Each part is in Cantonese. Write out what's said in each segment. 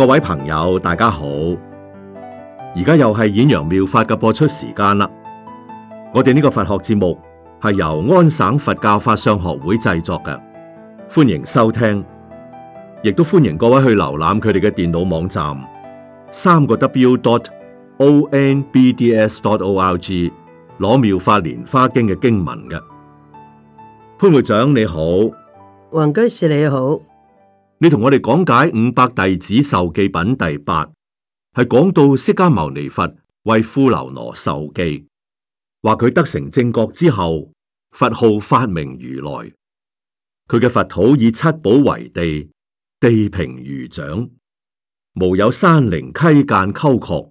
各位朋友，大家好！而家又係演揚妙法嘅播出時間啦。我哋呢個佛學節目係由安省佛教法相學會製作嘅，歡迎收聽，亦都歡迎各位去瀏覽佢哋嘅電腦網站，三個 w.dot.o.n.b.d.s.dot.o.l.g 攞妙法蓮花經嘅經文嘅。潘會長你好，黃居士你好。你同我哋講解五百弟子受記品第八，係講到釋迦牟尼佛為富樓那受記，話佢得成正覺之後，佛號法明如來。佢嘅佛土以七寶為地，地平如掌，無有山陵溪澗溝壑。咁、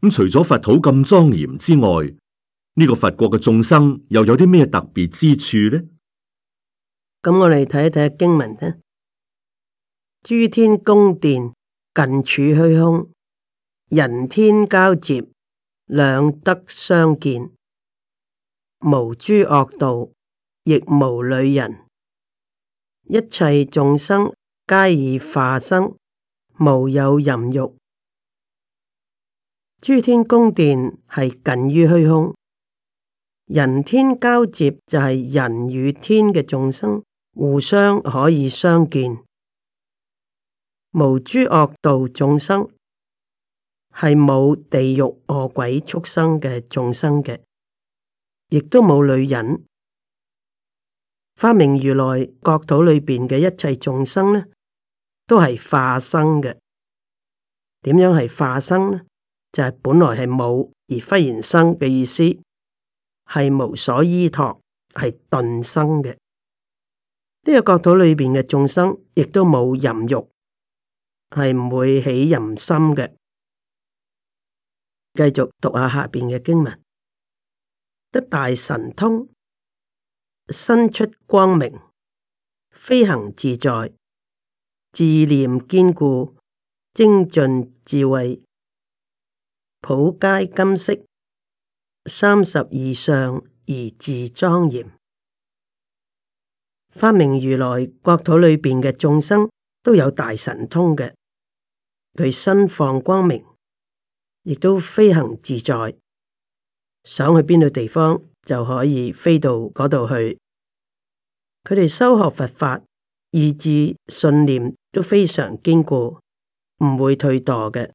嗯、除咗佛土咁莊嚴之外，呢、這個佛國嘅眾生又有啲咩特別之處呢？咁我嚟睇一睇經文啦。諸天宮殿近處虛空，人天交接，兩得相見，無諸惡道，亦無女人，一切眾生皆以化生，無有淫欲。諸天宮殿係近於虛空，人天交接就係人與天嘅眾生互相可以相見。無諸惡道眾生係冇地獄餓鬼畜生嘅眾生嘅，亦都冇女人。法明如來國土裏邊嘅一切眾生呢，都係化生嘅。點樣係化生呢？就係、是、本來係冇而忽然生嘅意思，係無所依托，係頓生嘅。呢、這個國土裏邊嘅眾生亦都冇淫欲。係唔會起淫心嘅。繼續讀下下邊嘅經文，得大神通，身出光明，飛行自在，自念堅固，精進智慧，普皆金色，三十二相而自莊嚴。發明如來國土裏邊嘅眾生都有大神通嘅。佢身放光明，亦都飛行自在，想去邊度地方就可以飛到嗰度去。佢哋修學佛法，意志信念都非常堅固，唔會退墮嘅。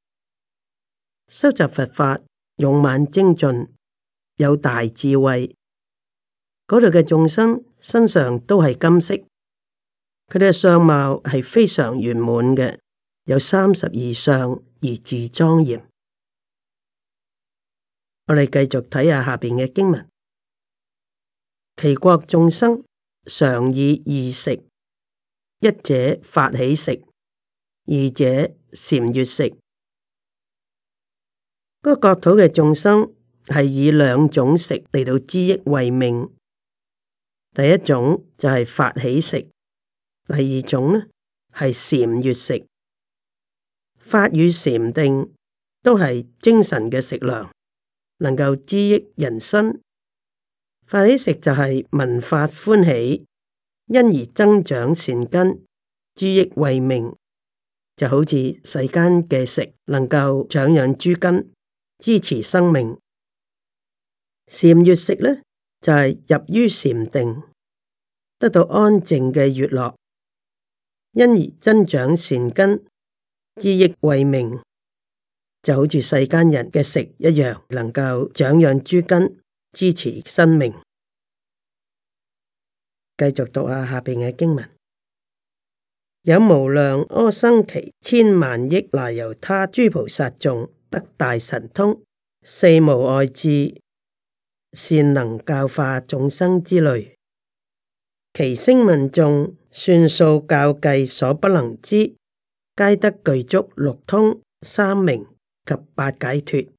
收集佛法，勇猛精進，有大智慧。嗰度嘅眾生身上都係金色，佢哋嘅相貌係非常圓滿嘅。有三十二相而自莊嚴，我哋繼續睇下下面嘅經文。其國眾生常以二食，一者發起食，二者禪悅食。嗰、那個國土嘅眾生係以兩種食嚟到資益為命。第一種就係發起食，第二種呢，係禪悅食。法與禪定都係精神嘅食糧，能夠滋益人生。法喜食就係聞法歡喜，因而增長善根，滋益慧命。就好似世間嘅食，能夠長養諸根，支持生命。禪悅食呢，就係、是、入於禪定，得到安靜嘅悅樂，因而增長善根。知益為命，就好似世間人嘅食一樣，能夠長養諸根，支持生命。繼續讀下下邊嘅經文：有無量阿僧祇千萬億那由他諸菩薩眾，得大神通，四無礙智，善能教化眾生之類。其聲聞眾，算數教計所不能知。皆得具足六通、三明及八解脫，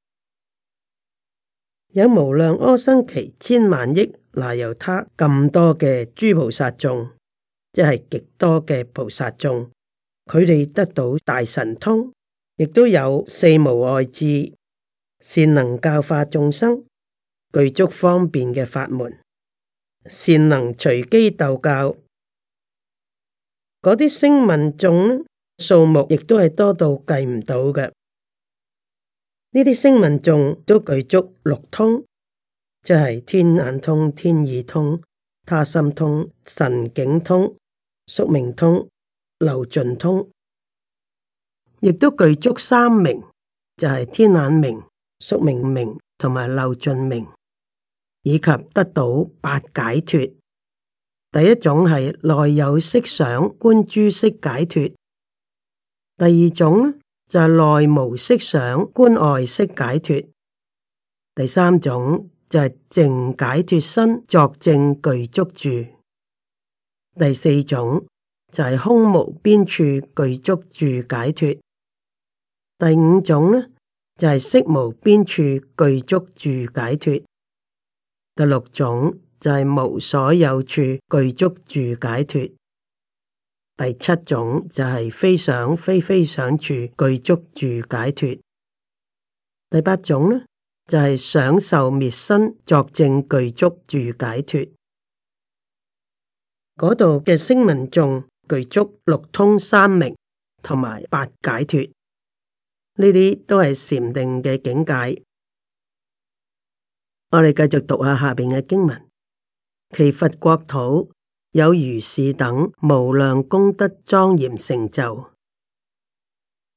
有無量阿僧祇千萬億那由他咁多嘅諸菩薩眾，即係極多嘅菩薩眾，佢哋得到大神通，亦都有四無礙智、善能教化眾生，具足方便嘅法門，善能隨機逗教嗰啲聲聞眾呢數目亦都係多到計唔到嘅，呢啲聲聞眾都具足六通，就係、是、天眼通、天耳通、他心通、神境通、宿命通、漏盡通，亦都具足三明，就係、是、天眼明、宿命明同埋漏盡明，以及得到八解脫。第一種係內有色想觀諸色解脫。第二種就係內無色想觀外色解脱；第三種就係淨解脱身作證具足住；第四種就係空無邊處具足住解脱；第五種呢就係色無邊處具足住解脱；第六種就係無所有處具足住解脱。第七種就係非想非非想處具足住解脱。第八種呢，就係想受滅身作證具足住解脱。嗰度嘅聲聞眾具足六通三明同埋八解脱，呢啲都係禪定嘅境界。我哋繼續讀下下邊嘅經文，其佛國土。有如是等無量功德莊嚴成就，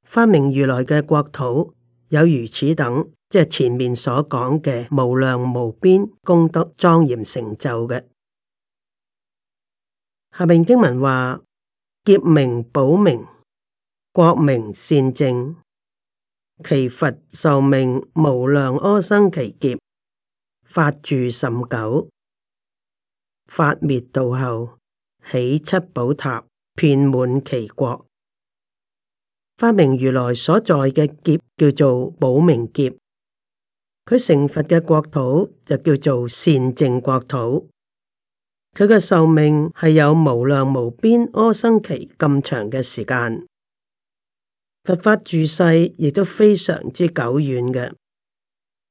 法明如來嘅國土有如此等，即係前面所講嘅無量無邊功德莊嚴成就嘅。下面經文話：劫名寶明國名善正，其佛壽命無量阿僧祇劫，法住甚久。法滅度後，起七寶塔，遍滿其國。法明如來所在嘅劫叫做寶明劫，佢成佛嘅國土就叫做善淨國土。佢嘅壽命係有無量無邊阿僧祇咁長嘅時間。佛法住世亦都非常之久遠嘅。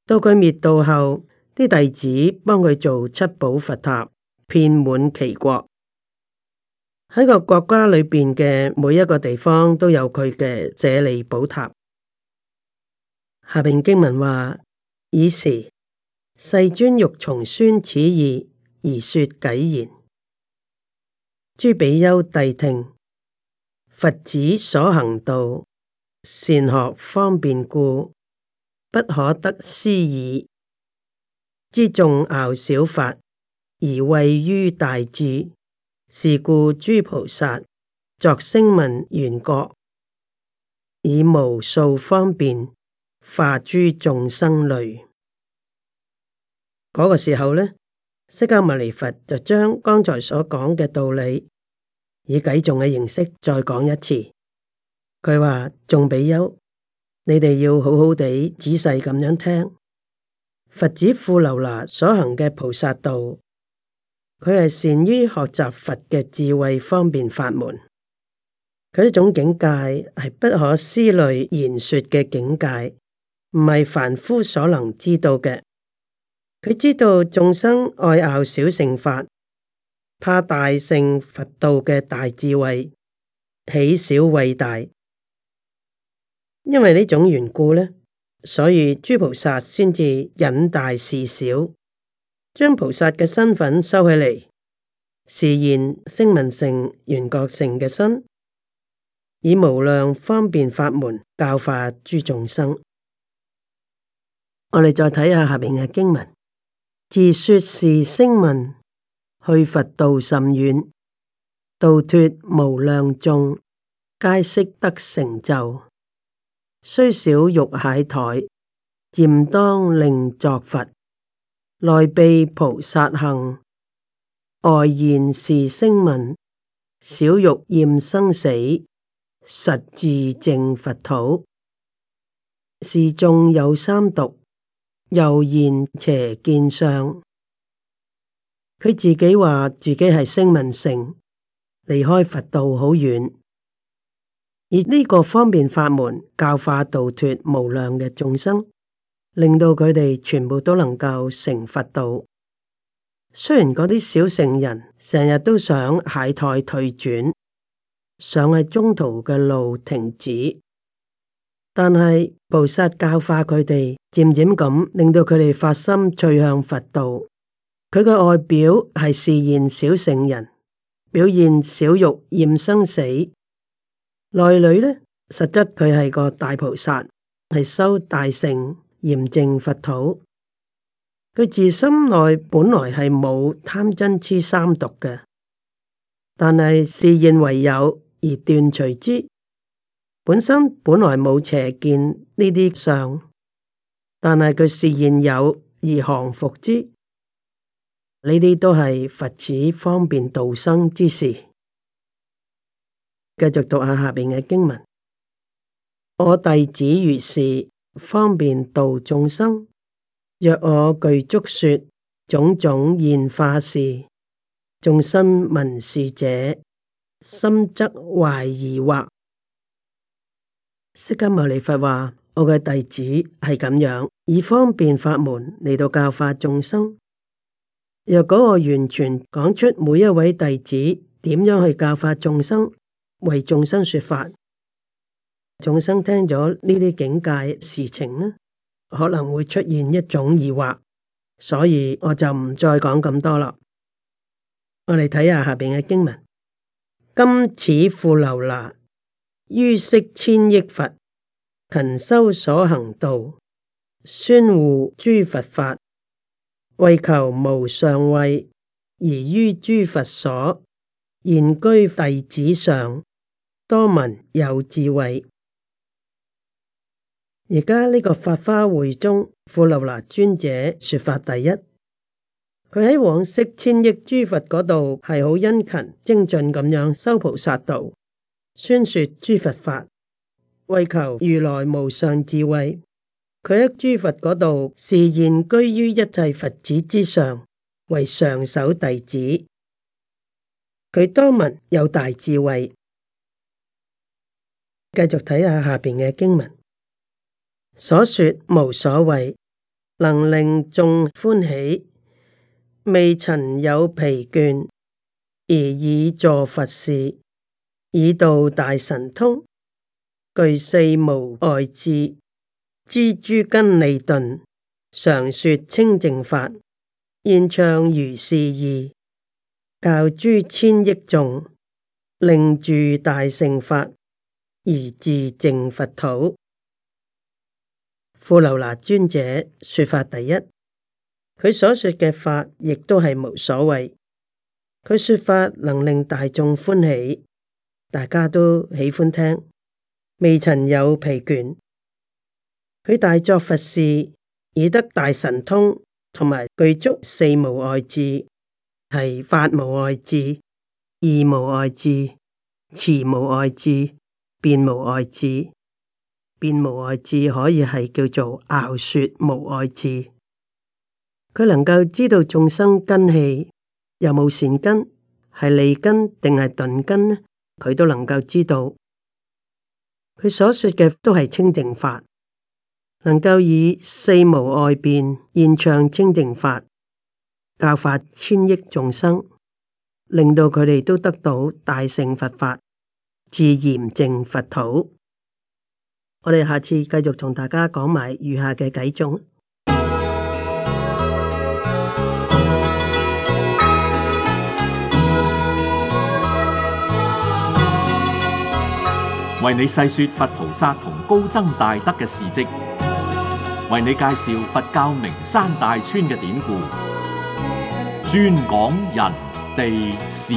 到佢滅度後，啲弟子幫佢做七寶佛塔。遍滿其國，喺個國家裏邊嘅每一個地方都有佢嘅舍利寶塔。下邊經文話：以時世尊欲重宣此義，而說偈言，諸比丘諦聽，佛子所行道，善學方便故，不可得思議，知眾樂小法。而位於大智，是故諸菩薩作聲聞緣覺，以無數方便化諸眾生類。嗰、那個時候呢，釋迦牟尼佛就將剛才所講嘅道理，以偈頌嘅形式再講一次。佢話，眾比丘，你哋要好好地仔細咁樣聽，佛子富樓那所行嘅菩薩道。佢係善於學習佛嘅智慧方便法門，佢呢種境界係不可思慮言說嘅境界，唔係凡夫所能知道嘅。佢知道眾生愛拗小乘法，怕大乘佛道嘅大智慧，起小畏大。因為呢種緣故呢，所以諸菩薩先至忍大事小。將菩薩嘅身份收起嚟，示現聲聞乘、緣覺乘嘅身，以無量方便法門教化諸眾生。我哋再睇下下邊嘅經文：自說是聲聞，去佛道甚遠，度脫無量眾，皆悉得成就。雖小欲懈怠，漸當令作佛。內秘菩薩行，外現是聲聞，少欲厭生死，實自淨佛土。是眾有三毒，又現邪見相。佢自己話自己係聲聞性，離開佛道好遠。而呢個方便法門，教化度脫無量嘅眾生。令到佢哋全部都能夠成佛道。雖然嗰啲小乘人成日都想懈怠退轉，想喺中途嘅路停止，但係菩薩教化佢哋，漸漸咁令到佢哋發心趣向佛道。佢嘅外表係示現小乘人，表現小欲厭生死，內裏呢，實質佢係個大菩薩，係修大乘。嚴淨佛土，佢自心內本來係冇貪嗔癡三毒嘅，但係示現為有而斷除之；本身本來冇邪見呢啲相，但係佢示現有而降伏之。呢啲都係佛子方便度生之事。繼續讀下下邊嘅經文：我弟子如是。方便度眾生，若我具足說種種現化事，眾生聞是者，心則懷疑惑。釋迦牟尼佛話：我嘅弟子係咁樣，以方便法門嚟到教化眾生。若果我完全講出每一位弟子點樣去教化眾生，為眾生說法。眾生聽咗呢啲境界事情呢，可能會出現一種疑惑，所以我就唔再講咁多啦。我哋睇下下邊嘅經文：今此富樓那於昔千億佛勤修所行道，宣護諸佛法，為求無上位，而於諸佛所現居弟子上，多聞有智慧。而家呢個法花會中，富樓那尊者說法第一。佢喺往昔千億諸佛嗰度係好殷勤精進咁樣修菩薩道，宣說諸佛法，為求如來無上智慧。佢喺諸佛嗰度示現居於一切佛子之上，為上首弟子。佢多聞有大智慧。繼續睇下下邊嘅經文。所說無所畏，能令眾歡喜，未曾有疲倦，而以助佛事，以度大神通，具四無礙智，知諸根利鈍，常說清淨法，現唱如是意，教諸千億眾，令住大乘法，而自淨佛土。富留那尊者說法第一，佢所說嘅法亦都係冇所謂，佢說法能令大眾歡喜，大家都喜歡聽，未曾有疲倦。佢大作佛事，以得大神通，同埋具足四無礙智，係法無礙智、義無礙智、慈無礙智、辯無礙智。變無礙智可以係叫做樂說無礙智，佢能夠知道眾生根器有冇善根，係利根定係鈍根呢，佢都能夠知道，佢所說嘅都係清淨法，能夠以四無礙變現唱清淨法教化千億眾生，令到佢哋都得到大乘佛法自嚴淨佛土。我哋下次繼續同大家講埋餘下嘅偈中，為你細說佛菩薩同高僧大德嘅事跡，為你介紹佛教名山大川嘅典故，專講人地事。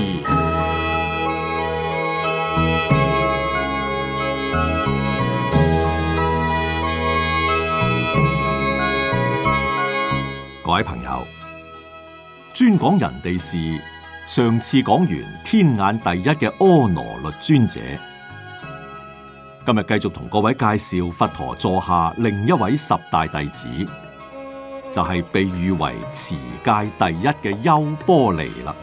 各位朋友，專講人哋事。上次講完天眼第一嘅阿羅律尊者，今日繼續同各位介紹佛陀座下另一位十大弟子，就係、是、被譽為持界第一嘅優波尼啦。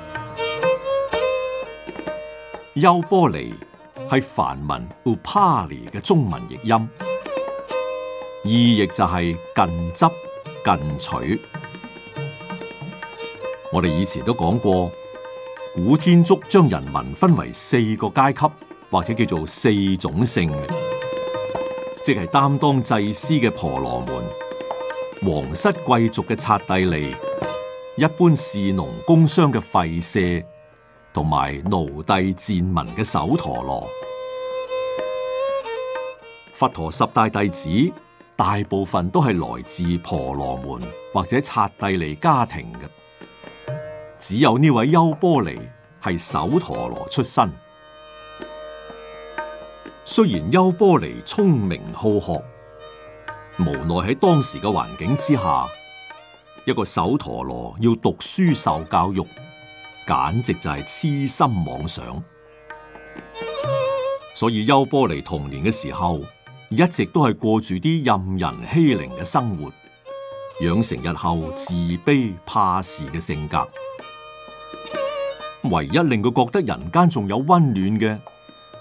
優波尼係梵文 upa 尼嘅中文譯音，意譯就係近執近取。我哋以前都講過，古天竺將人民分為四個階級，或者叫做四種姓，即係擔當祭司嘅婆羅門、皇室貴族嘅剎帝利、一般士農工商嘅吠舍，同埋奴隸賤民嘅首陀羅。佛陀十大弟子大部分都係來自婆羅門或者剎帝利家庭嘅。只有呢位優波離係首陀羅出身。雖然優波離聰明好學，無奈喺當時嘅環境之下，一個首陀羅要讀書受教育，簡直就係痴心妄想。所以優波離童年嘅時候，一直都係過住啲任人欺凌嘅生活，養成日後自卑怕事嘅性格。唯一令佢覺得人間仲有温暖嘅，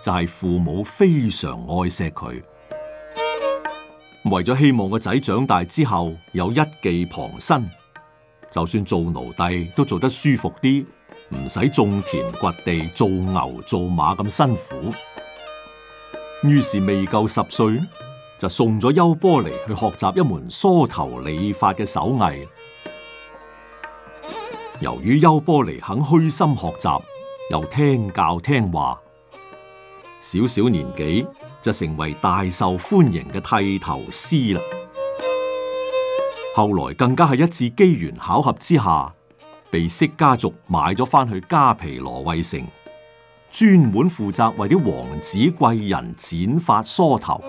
就係、是、父母非常愛錫佢。為咗希望個仔長大之後有一技傍身，就算做奴隸，都做得舒服啲，唔使種田掘地、做牛做馬咁辛苦。於是未夠十歲就送咗優波離去學習一門梳頭理髮嘅手藝。由於優波離肯虛心學習，又聽教聽話，小小年紀就成為大受歡迎嘅剃頭師啦。後來更加係一次機緣巧合之下，被釋迦族買咗返去加皮羅衛城，專門負責為啲王子貴人剪髮梳頭，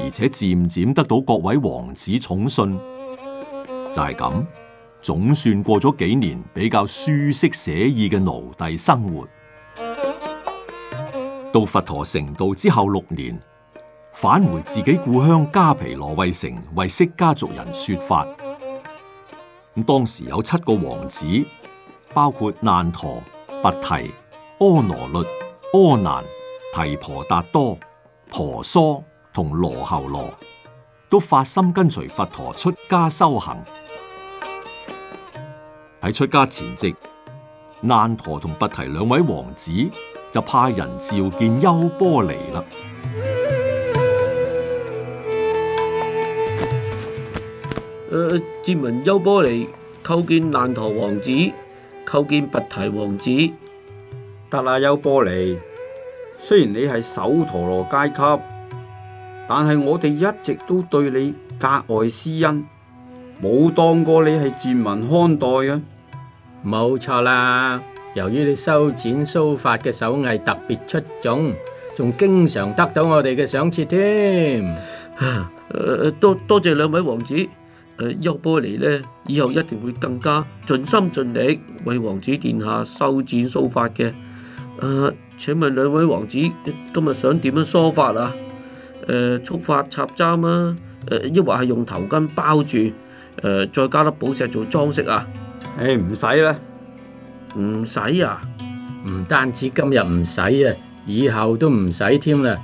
而且漸漸得到各位王子寵信，就係咁。總算過咗幾年比較舒適寫意嘅奴隸生活，到佛陀成道之後六年，返回自己故鄉迦毗羅衛城為釋迦族人說法。咁當時有七個王子，包括難陀、拔提、阿羅律、阿難、提婆達多、婆娑同羅睺羅，都發心跟隨佛陀出家修行。喺出家前夕，難陀同拔提兩位王子就派人召見優波離啦。誒、呃，賤民優波離叩見難陀王子，叩見拔提王子。得啦優波離，雖然你係首陀羅階級，但係我哋一直都對你格外施恩，冇當過你係賤民看待啊！冇錯啦，由於你修剪鬚髮嘅手藝特別出眾，仲經常得到我哋嘅賞賜添。誒誒、呃，多多謝兩位王子。誒、呃，優波離咧，以後一定會更加盡心盡力為王子殿下修剪鬚髮嘅。誒、呃，請問兩位王子今日想點樣梳髮啊？誒、呃，束髮插針啊？誒、呃，抑或係用頭巾包住？誒、呃，再加粒寶石做裝飾啊？誒，唔使啦，唔使啊！唔單止今日唔使啊，以後都唔使添啦。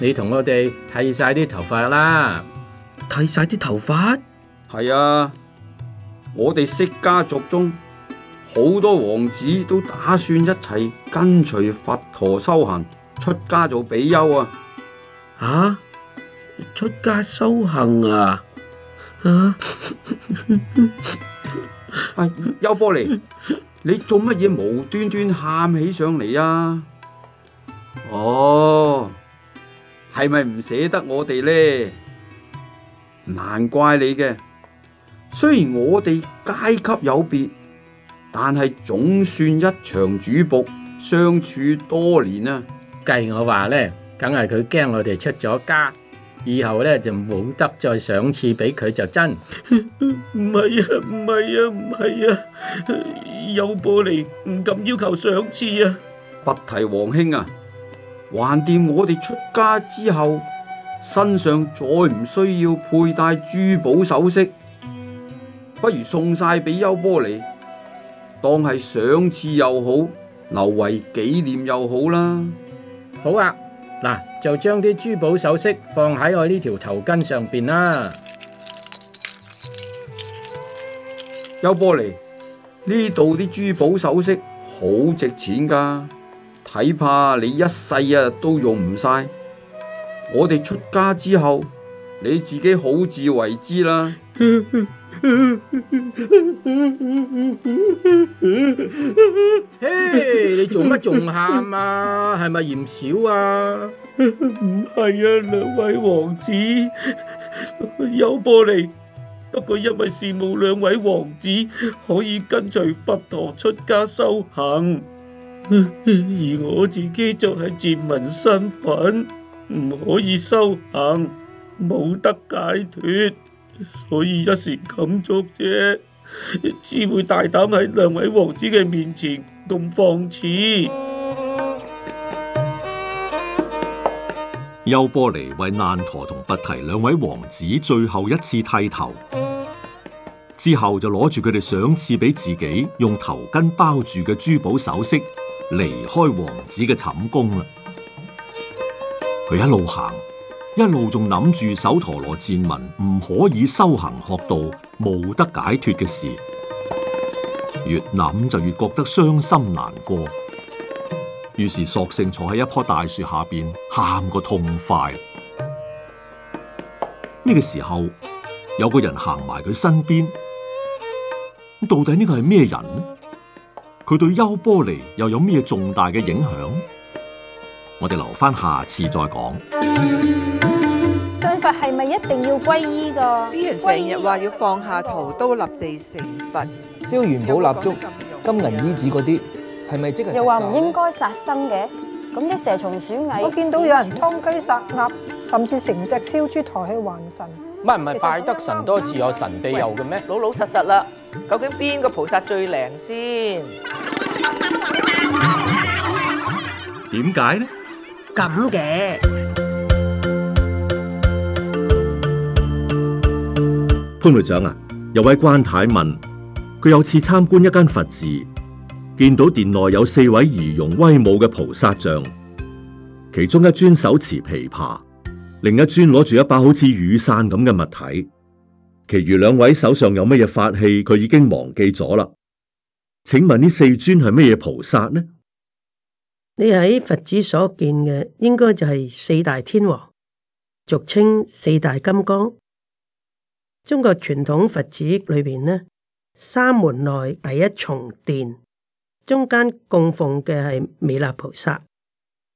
你同我哋剃晒啲頭髮啦，剃晒啲頭髮？係啊，我哋釋迦族中好多王子都打算一齊跟隨佛陀修行，出家做比丘啊！啊？出家修行啊？啊？ 哎，優波離，你做乜嘢無端端喊起上嚟啊？哦，係咪唔捨得我哋咧？難怪你嘅，雖然我哋階級有別，但係總算一場主僕相處多年啊！計我話咧，梗係佢驚我哋出咗家。以後呢，就冇得再賞賜俾佢就真，唔係啊唔係啊唔係啊，優、啊啊啊、 波尼唔敢要求賞賜啊！不提王兄啊，橫掂，我哋出家之後身上再唔需要佩戴珠寶首飾，不如送晒俾優波離，當係賞賜又好，留為紀念又好啦。好啊，嗱。就將啲珠寶首飾放喺我呢條頭巾上邊啦。優波離，呢度啲珠寶首飾好值錢噶，睇怕你一世啊都用唔晒。我哋出家之後，你自己好自為之啦。 嘿， hey，你做乜仲喊啊？係咪嫌少啊？唔係啊，兩位王子，優波離，不過因為羨慕兩位王子可以跟隨佛陀出家修行，而我自己就係賤民身份，唔可以修行，冇得解脫。所以一時感觸。啫，只會大膽喺兩位王子嘅面前咁放肆。優波離為難陀同拔提兩位王子最後一次剃頭之後，就攞住佢哋賞賜俾自己用頭巾包住嘅珠寶首飾離開王子嘅寢宮啦。佢一路行。一路仲諗住首陀羅賤民，唔可以修行學道、冇得解脫嘅事，越諗就越覺得傷心難過，於是索性坐喺一棵大樹下邊喊個痛快。呢個時候有個人行埋佢身邊，到底呢個係咩人呢？佢對優波離又有咩重大嘅影響？我哋留翻，下次再講。係咪一定要皈依噶？啲人成日話要放下屠刀立地成佛，燒元寶蠟燭、金銀衣紙嗰啲，係咪即係？又話唔應該殺生嘅，咁啲蛇蟲鼠蟻，我見到有人劏雞殺鴨，甚至成隻燒豬抬去還神。唔係，唔係，拜得神多自有神庇佑嘅咩？老老實實啦，究竟邊個菩薩最靈先？點解呢？咁嘅。潘會長啊，有位關太問，佢有次參觀一間佛寺，見到殿內有四位儀容威武嘅菩薩像，其中一尊手持琵琶，另一尊攞住一把好似雨傘咁嘅物體，其餘兩位手上有乜嘢法器，佢已經忘記咗啦。請問呢四尊係乜嘢菩薩呢？你喺佛寺所見嘅，應該就係四大天王，俗稱四大金剛。中國傳統佛寺裏面，呢，三門內第一重殿中間供奉嘅係彌勒菩薩，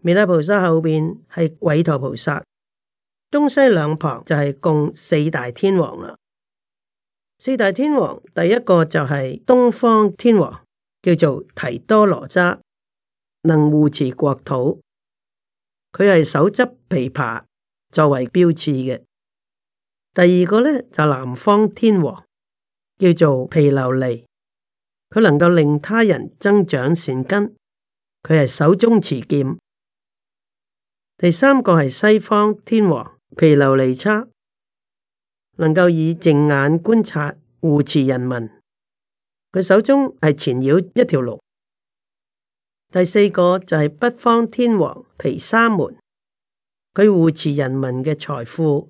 彌勒菩薩後面係韋陀菩薩，東西兩旁就係供四大天王啦。四大天王第一個就係東方天王，叫做提多羅扎，能護持國土，佢係手執琵琶作為標誌嘅。第二個呢，就南方天王叫做皮琉璃。佢能夠令他人增長善根。佢係手中持劍。第三個係西方天王皮琉璃叉，能夠以正眼觀察護持人民。佢手中係纏繞一條龍。第四個就係北方天王皮沙門，佢護持人民嘅財富。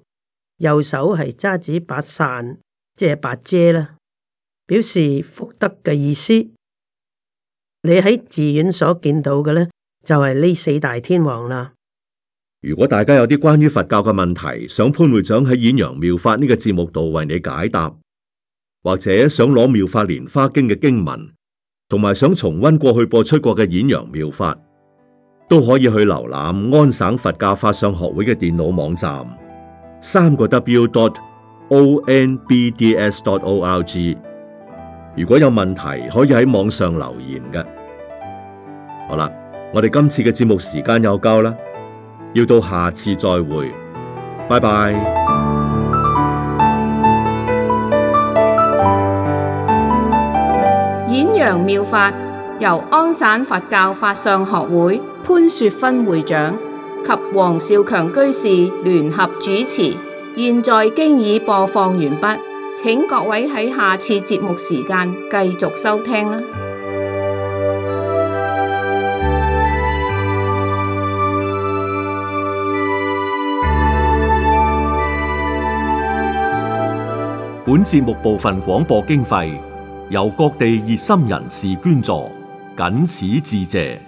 右手係揸住把傘，即係把遮啦，表示福德嘅意思。你喺寺院所見到嘅咧，就係、是、呢四大天王啦。如果大家有啲關於佛教嘅問題，想潘會長喺演揚妙法呢、這個節目度為你解答，或者想攞妙法蓮花經嘅經文，同埋想重溫過去播出過嘅演揚妙法，都可以去瀏覽安省佛教法相學會嘅電腦網站。三個 W. dot O N B D S. dot org。如果有問題，可以喺網上留言嘅。好啦，我哋今次嘅節目時間又夠啦，要到下次再會。拜拜。演揚妙法由安省佛教法相學會潘雪芬會長。及黃少強居士聯合主持，現在經已播放完畢，請各位喺下次節目時間繼續收聽啦。本節目部分廣播經費由各地熱心人士捐助，謹此致謝。